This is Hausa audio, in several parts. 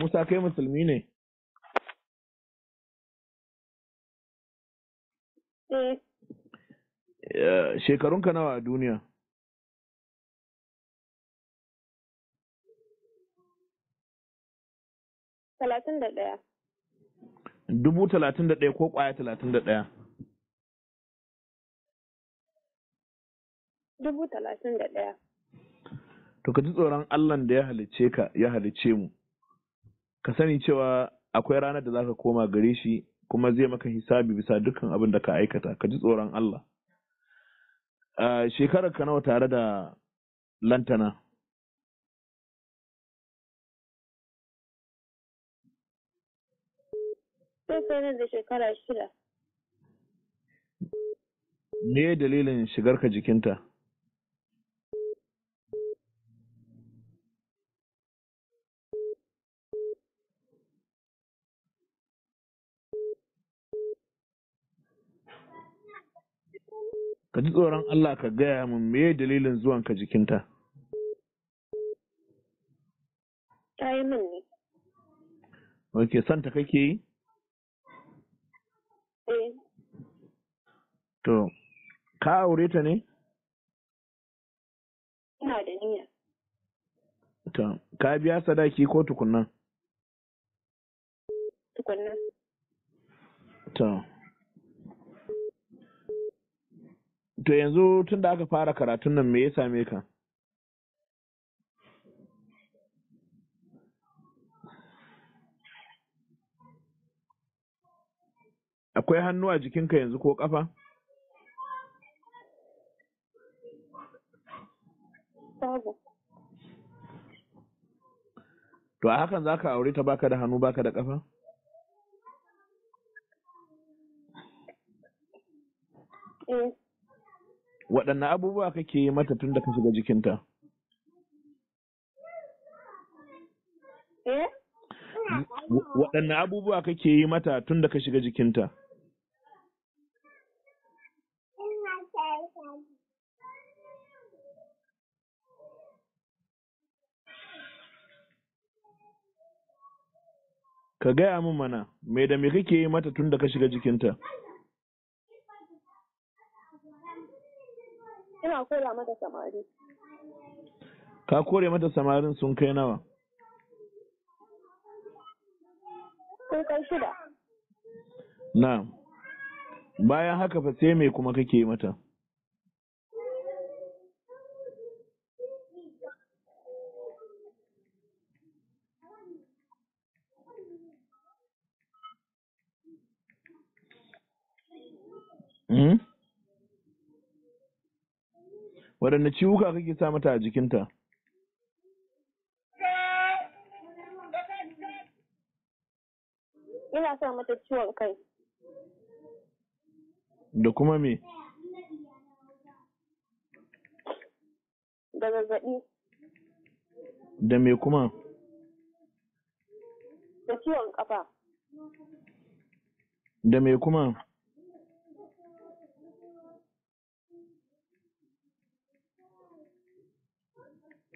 Musa kai musulmi ne? Eh. Shekarunka nawa a duniya? Talatin da ɗaya. Dubu talatin da ɗaya ko ƙwaya talatin da ɗaya? Dubu talatin da ɗaya. To ka ji tsoron Allahn da ya halicce ka, ya halicce mu. ka sani cewa akwai ranar da zaka koma gare shi kuma zai maka hisabi bisa dukkan abin da ka aikata ka ji tsoron Allah A shekarar ka nawa tare da lantana da me dalilin shigar ka jikinta ka ji tsoron Allah ka gaya mun me dalilin zuwan ka jikinta ta yi min ne ok santa kake yi eh to ka aure ta ne ina da niyya To, ka biya sadaki ko tukunna tukunna to To yanzu tun da aka fara karatun nan me ya same ka? Akwai hannu a jikinka yanzu ko ƙafa? To a hakan za ka aure ta baka da hannu baka da ƙafa? waɗanne abubuwa kake yi mata tun da ka shiga jikinta? Eh? Waɗanne abubuwa kake yi mata tun da ka shiga jikinta? Ka gaya min mana, me da me kake yi mata tun da ka shiga jikinta? ina kora mata samari ka kore mata samarin sun kai nawa sun kai shida na bayan haka fa sai me kuma kake mata waɗanne ciwuka kake sa mata a jikinta ina sa mata ciwon kai da kuma me da zazzaɓi da me kuma da ciwon ƙafa da me kuma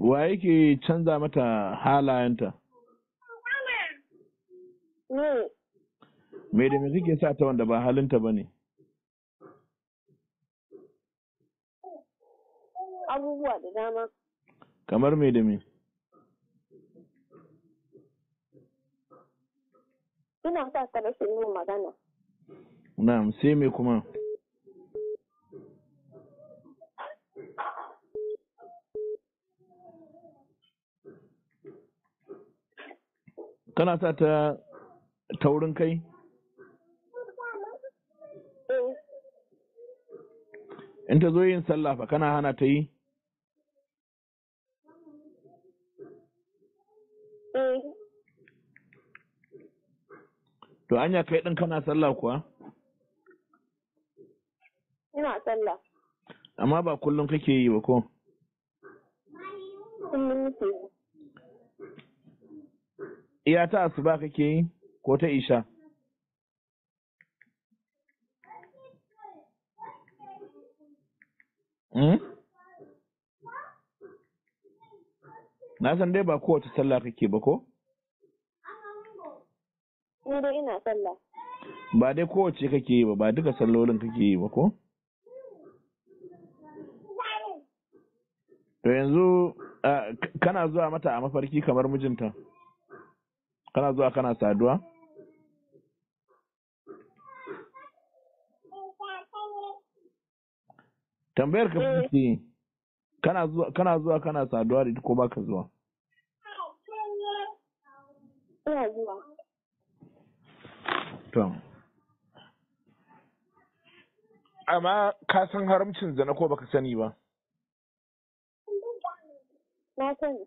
wa yake canza mata halayenta me da me suke sa ta wanda ba halinta ba ne abubuwa da dama kamar me da me ina sa ta rashin yin magana Na sai mai kuma kana sa ta taurin kai in ta zo yin sallah fa kana hana ta yi to anya kai din kana sallah kuwa ina sallah amma ba kullum kake yi ba ko kullum nake yi iya ta asuba kake yi ko ta isha hmm? na san dai ba kowace sallah kake ba ko? dai ina sallah ba dai kowace kake yi ba ba duka sallolin kake yi ba ko? to yanzu kana zuwa mata a mafarki kamar mijinta? kana zuwa kana saduwa tambayar ka fi eh. kana zuwa kana zuwa kana saduwa da ko baka zuwa to amma ka san haramcin zana ko baka sani ba na sani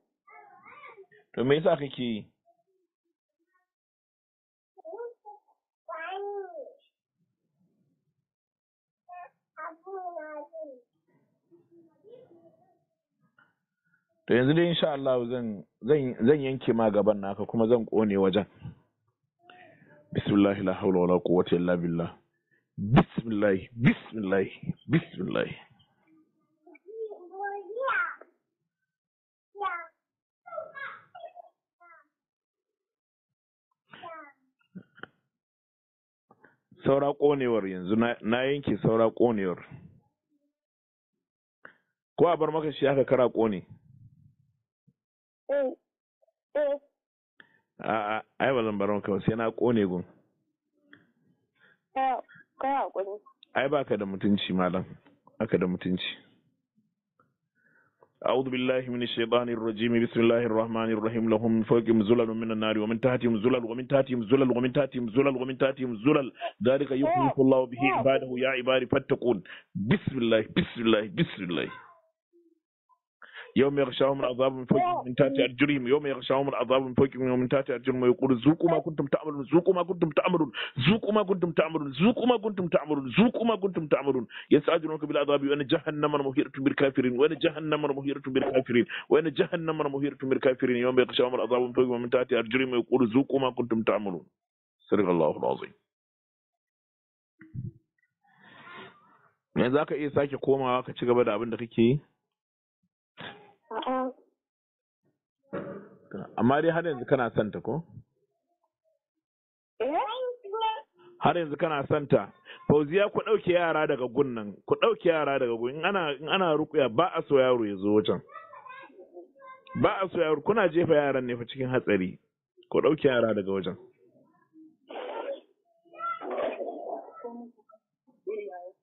to me yasa kake yi to yanzu dai insha Allah zan zan yanke ma gaban naka kuma zan kone wajen bismillah la hawla wala quwwata illa billah bismillah bismillah bismillah saura konewar yanzu na yanke saura konewar ko a bar maka shi aka kara kone A'a, ai ba zan baron kawai sai na kone gun. Kai hakuri. Ai ba ka da mutunci malam, aka da mutunci. أعوذ بالله من الشيطان الرجيم بسم الله الرحمن الرحيم لهم من فوقهم زلل من النار ومن تحتهم زلل ومن تحتهم زلل ومن تحتهم زلل ومن تحتهم زلل ذلك يخلف الله به عباده يا عبادي فاتقون بسم الله بسم الله بسم الله يوم يغشاهم العذاب من فوقهم من تحت أرجلهم يوم يغشاهم العذاب من فوقهم من تحت أرجلهم ويقول ذوقوا ما كنتم تعملون ذوقوا ما كنتم تعملون ذوقوا ما كنتم تعملون ذوقوا ما كنتم تعملون ذوقوا ما كنتم تعملون يستعجلونك بالعذاب وأن جهنم مهيرة بالكافرين وأن جهنم مهيرة بالكافرين وأن جهنم مهيرة بالكافرين يوم يغشاهم العذاب من فوقهم من تحت أرجلهم ويقول ذوقوا ما كنتم تعملون صدق الله العظيم yanzu aka iya sake komawa ka ci gaba da abin da kake yi Amma dai har yanzu kana santa ko? Eh? Har yanzu kana santa. Fauziya ku ɗauke yara daga gun nan, ku ɗauke yara daga gun. In ana in ana rukuya ba a so yaro ya zo wajen. Ba a so yaro kuna jefa yaran ne fa cikin hatsari. Ku ɗauke yara daga wajen.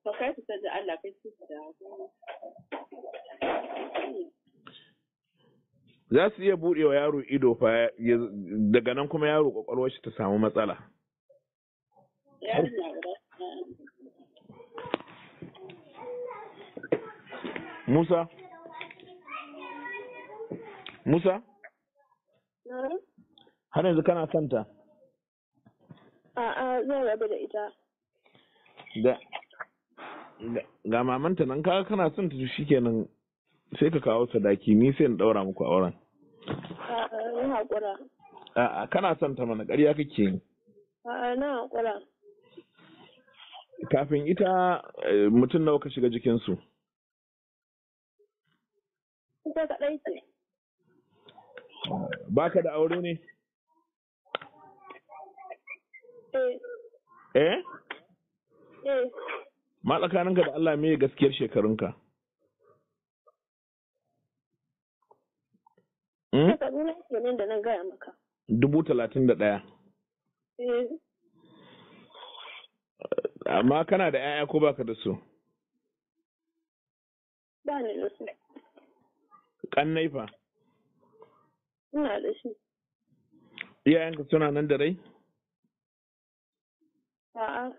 Ka kai su da Allah kai su da za su iya buɗe wa yaro ido fa daga nan kuma yaro kwakwalwar shi ta samu matsala Musa Musa har yanzu kana santa a'a zan rabu da ita ga mamanta nan kaga kana son ta nan. sai ka kawo sadaki ni sai in daura muku auren a'a na a'a kana son ta mana ƙarya kake yi a'a na haƙura. kafin ita eh, mutum nawa ka shiga jikinsu ita kaɗai ce ba ka da aure ne eh eh, eh. ma tsakaninka da Allah me gaskiyar shekarunka Shekaru hmm? na kenan da nan gaya maka. Dubu talatin da ɗaya. Eh. Amma kana da 'ya'ya ko baka da su? Ba ni da su. Kan fa? Ina da shi. Iyayenka suna nan da rai? A'a.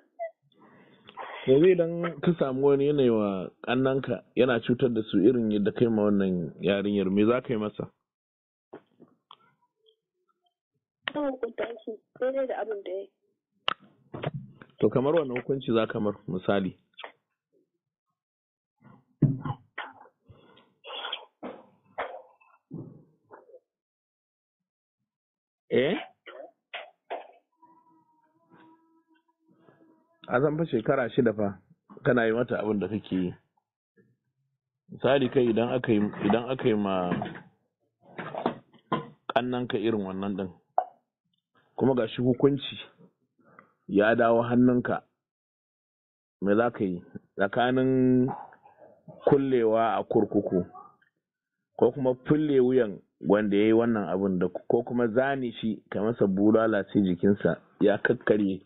yanzu idan ka samu wani yanayi wa ƙannanka yana cutar da su irin yadda kai ma wannan yarinyar me za ka yi masa to kamar wannan hukunci za kamar misali eh a zan fa shekara shida fa kana yi mata abin da kake yi misali kai idan aka yi ma kannanka irin wannan ɗin kuma ga shi hukunci ya dawo hannunka me za ka yi tsakanin kullewa a kurkuku ko kuma fulle wuyan wanda ya yi wannan abin da ko kuma zane shi ka masa bula sai jikinsa ya kakkarye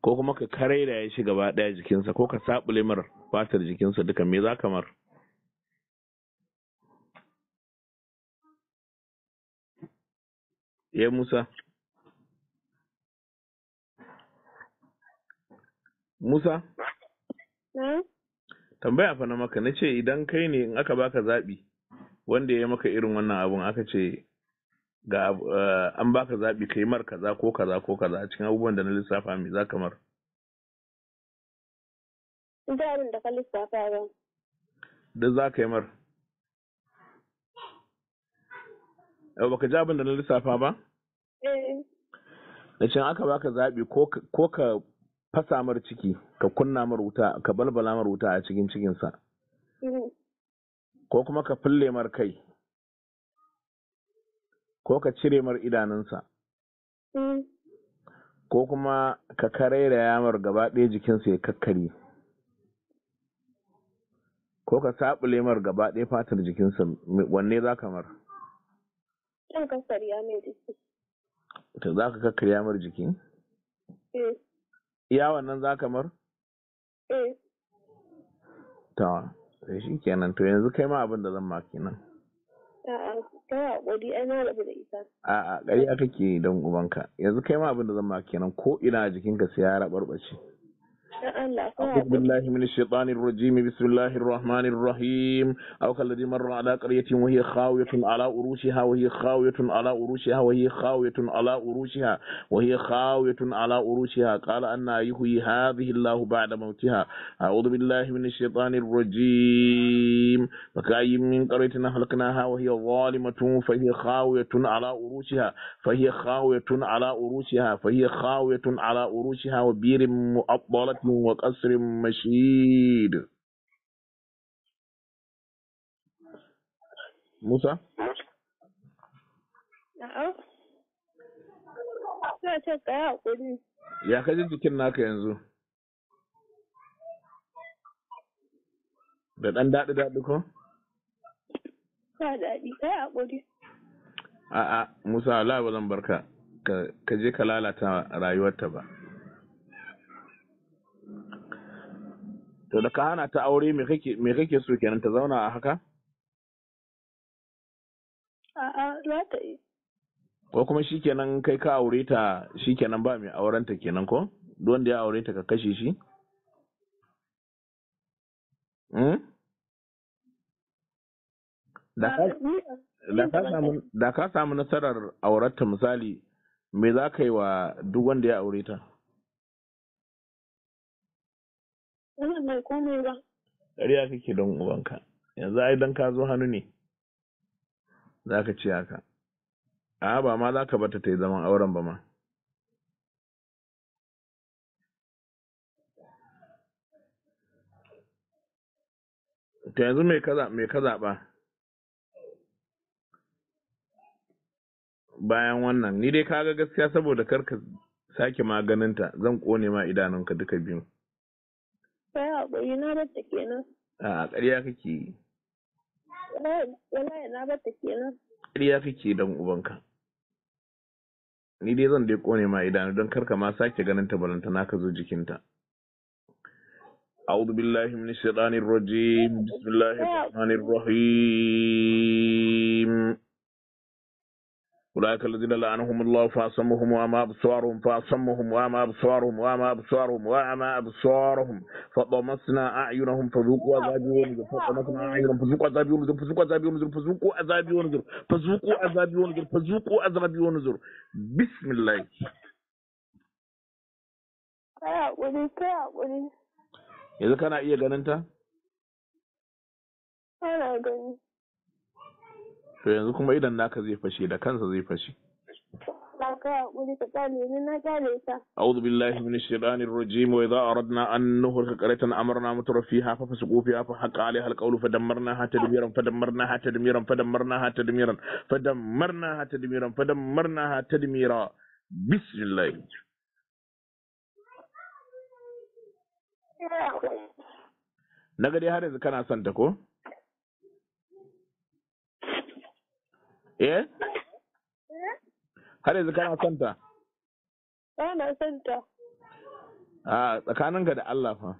ko kuma ka karai da ya shi gaba ɗaya jikinsa ko ka saɓule mar fatar jikinsa duka me za ka mar ya eh, musa Musa? Tambaya fa na maka na ce idan kai ne in aka baka zaɓi wanda ya maka irin wannan abun aka ce ga eh, an baka zaɓi kai mar kaza ko kaza ko kaza a cikin abubuwan da na lissafa mai za ka mar? Da abin da ka lissafa ba. Da za ka yi mar. Yau baka ji abin da na lissafa ba? Eh. Da can aka baka zaɓi ko ka fasa mar ciki ka kunna mar wuta ka balbala mar wuta a cikin cikinsa mm-hmm. ko kuma ka fulle mar kai ko ka cire mar idanunsa mm-hmm. ko kuma ka karaira mar gaba ɗaya jikinsa ya kakkare ko ka saɓule mar gaba ɗaya fatar jikinsa wanne za ka mar zan jiki ta za ka kakkar mar jiki eh. iya wannan za kamar? eh ta sai shi kenan to yanzu kai ma abin da zan ma kenan a'a kai hakuri ai na rabu da ita a'a ƙarya kake don ubanka yanzu kai ma abin da zan ma kenan ko ina jikinka sai ya rabarbace أعوذ بالله من الشيطان الرجيم بسم الله الرحمن الرحيم أو كالذي مر على قرية وهي خاوية على أروشها وهي خاوية على أروشها وهي خاوية على أروشها وهي خاوية على أروشها قال أن يحيي هذه الله بعد موتها أعوذ بالله من الشيطان الرجيم فكأي من قرية أهلكناها وهي ظالمة فهي خاوية على أروشها فهي خاوية على أروشها فهي خاوية على أروشها وبير مؤطلة وقصر مشيد موسى na'am ina ce ka yi ya ka ji jikin naka yanzu da ɗan daɗi daɗi ko ba daɗi ka yi haƙuri a'a musa Allah ba zan barka ka je ka lalata rayuwarta ba to da ka hana ta aure me kake so kenan ta zauna a haka a'a za ta yi ko kuma kenan kai ka aure ta shi kenan ba mai auren ta kenan ko duk wanda ya aure ta ka kashe shi hmm? da ka samu nasarar aurenta misali me za ka yi wa duk wanda ya aure ta A'a komai ba. Ƙarya kake don ubanka. Yanzu ai dan ka zo hannu ne. Za ka ci haka. A'a ba ma za ka bata ta yi zaman auren ba ma. Ta yanzu mai ka zaɓa? bayan wannan ni dai ka ga gaskiya saboda karka sake maganinta zan kone ma idanunka duka biyu haƙuri na kenan. A ƙarya kake. Wallahi na kenan. Ƙarya kake dan ubanka. Ni dai zan dai kone ma idanu don karka ma sake ganin ta balanta ka zo jikinta. أعوذ بالله من الشيطان الرجيم بسم الله الرحمن الرحيم أولئك الذين لعنهم الله فأصمهم وأما أبصارهم فأصمهم وأما أبصارهم وأما أبصارهم وأما أبصارهم فطمسنا أعينهم فذوقوا عذابي ونذر فطمسنا أعينهم فذوقوا عذابي ونذر فذوقوا عذابي ونذر فذوقوا عذابي ونذر فذوقوا عذابي ونذر فذوقوا عذابي ونذر بسم الله yanzu kana iya ganin ta? أنا gani. to yanzu kuma idan naka zai fashe da kansa zai fashe أعوذ بالله من الشيطان الرجيم وإذا أردنا أن نهلك قرية أمرنا متر فيها ففسقوا فيها فحق عليها القول فدمرناها تدميرا فدمرناها تدميرا فدمرناها تدميرا فدمرناها تدميرا فدمرناها تدميرا بسم الله na gari har yanzu kana son har yanzu kana son ta na son ta a tsakaninka da Allah fa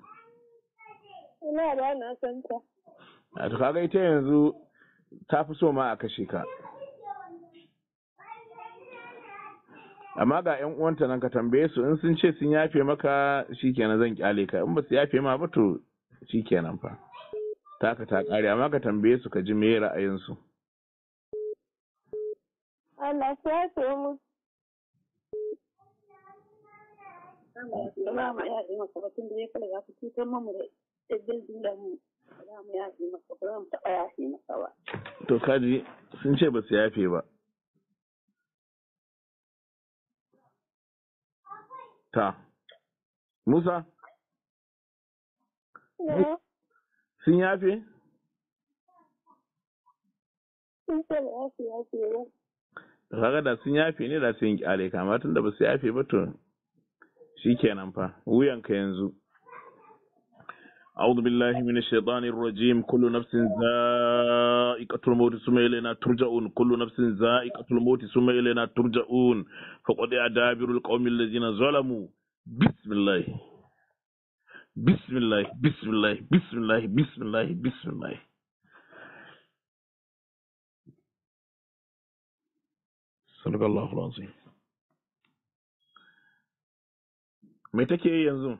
ina ba na son ta to kaga ita yanzu ta fi so ma a kashe ka amma ga yan uwanta nan ka tambaye su in sun ce sun yafe maka shikenan zan kyale ka in ba su yafe ma ba to shikenan fa taka ta kare amma ka tambaye su ka ji me ra'ayin su A lafiya sai mu. Ba ma ya yi maka batun da ya kala ya fi cutar mamu da ɗaggin dula mu. Ba mu ya yi maka ba mu taɓa ya yi maka ba. To kaji sun ce ba su yafe ba. Ta. Musa? Sun yafe? Sun ce ba ya yafe ba. kaga da sun yafe ne da sun kyale ka amma tunda ba su yafe ba to shikenan fa wuyanka yanzu أعوذ بالله من الشيطان الرجيم كل نفس ذائقة الموت ثم إلينا ترجعون كل نفس ذائقة الموت ثم إلينا ترجعون فقد أدابر القوم الذين ظلموا بسم الله بسم الله بسم الله بسم الله بسم الله, sadaka Allahu alazim me take yi yanzu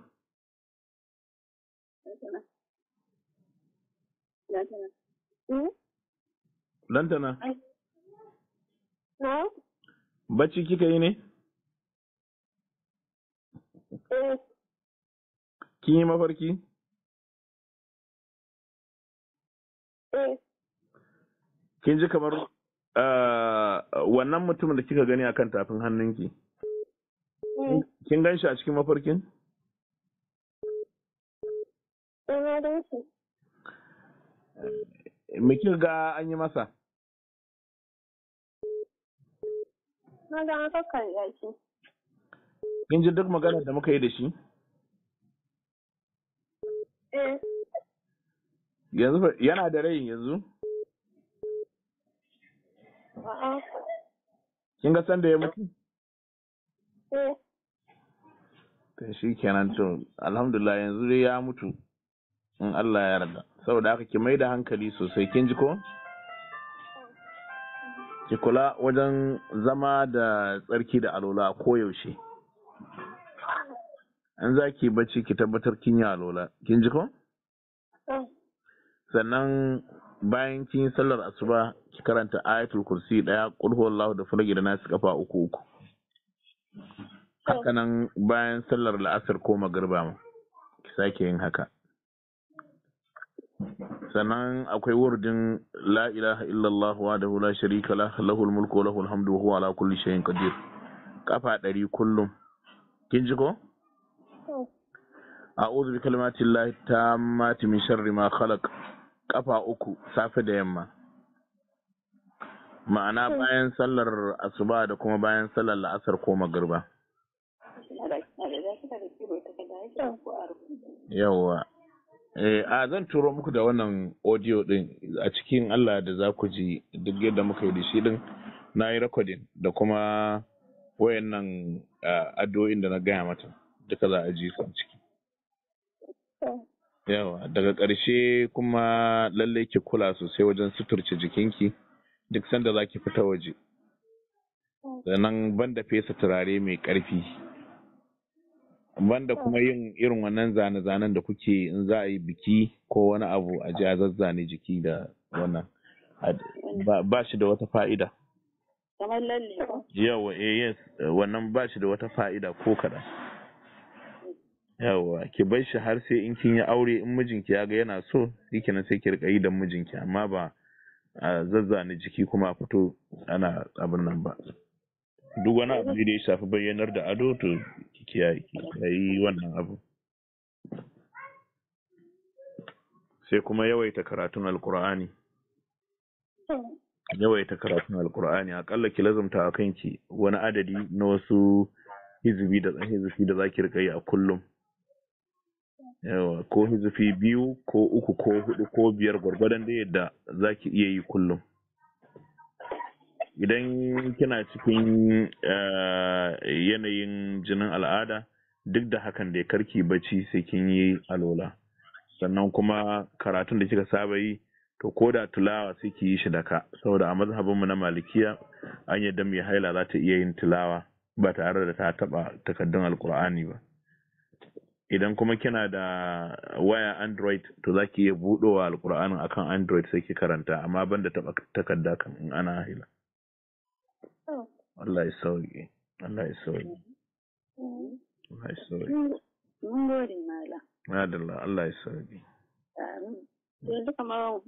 Lantana. Hmm? Bacci kika yi ne? Eh. Kin yi mafarki? Eh. Kin ji kamar Eh, wannan mutumin da kika gani akan tafin hannunki eh. kin gan shi a cikin mafarkin? Eh, Me kika ga an yi masa? Kin ji duk maganar da muka yi da shi? Yanzu yana da rai yanzu? Kin ga sanda ya mutu? Eh. To shi kenan to alhamdulillah yanzu dai ya mutu in Allah ya yarda. Saboda haka ki mai hankali sosai kin ji ko? Ki kula wajen zama da tsarki da alola koyaushe. An za ki bacci ki tabbatar kin yi alola. Kin ji ko? Eh. Sannan bayan kin sallar asuba ki karanta ayatul kursi daya qul huwallahu da fulagi da nasu kafa uku uku haka nan bayan sallar la'asar ko magarba ma ki sake yin haka sannan akwai wurdin la ilaha illallah wahdahu la sharika lah lahul mulku wa lahul hamdu wa huwa ala kulli shay'in qadir kafa ɗari kullum kin ji ko a'udhu bi llahi tammati min sharri ma khalaq Ƙafa uku safe da yamma ma'ana hmm. bayan sallar asuba da kuma bayan sallar la'asar ko magarba yawwa eh, a zan turo muku da wannan audio din a cikin Allah da za ku ji duk yadda muka yi da shi din na yi rikodin, da kuma wayannan addu'o'in da na gaya mata duka za a ji su ciki hmm. yawa daga ƙarshe kuma lallai ki kula sosai wajen suturce jikinki duk sanda za ki fita waje sannan banda fesa turare mai ƙarfi banda kuma yin irin wannan zane-zanen da kuke in za a yi biki ko wani abu a ji a zazzane jiki da wannan ba shi da wata fa'ida kamar lalle yawa eh yes wannan ba shi da wata fa'ida ko kaɗan yawa ki bar shi har sai in kin yi aure in mijinki ya ga yana so shikenan sai ki rika yi da mijinki amma ba a zazzani jiki kuma a fito ana abin nan ba duk wani abu da ya shafi bayyanar da ado to ki yi wannan abu sai kuma yawaita karatun alkur'ani yawaita karatun alkur'ani akalla ki lazumta a kanki wani adadi na wasu hizibi da hizibi da zaki rika yi a kullum ko hizufi biyu ko uku ko hudu ko biyar gwargwadon da yadda za ki iya yi kullum idan kina cikin eh, yanayin jinin al'ada duk da hakan da ya karki bacci sai kin yi alola sannan kuma karatun da kika saba yi to ko da tulawa sai ki yi shi da ka saboda a mazhabinmu na malikiya an yadda mai haila za ta iya yin tulawa ba tare da ta taba takaddun alkur'ani ba idan kuma kina da waya android to za ki iya budowa alkur'anin akan android sai ki karanta amma ban da taba takarda kan in ana hila Allah ya sauke Allah ya sauke Allah ya sauke mun gode mala Allah ya sauke amin duka ma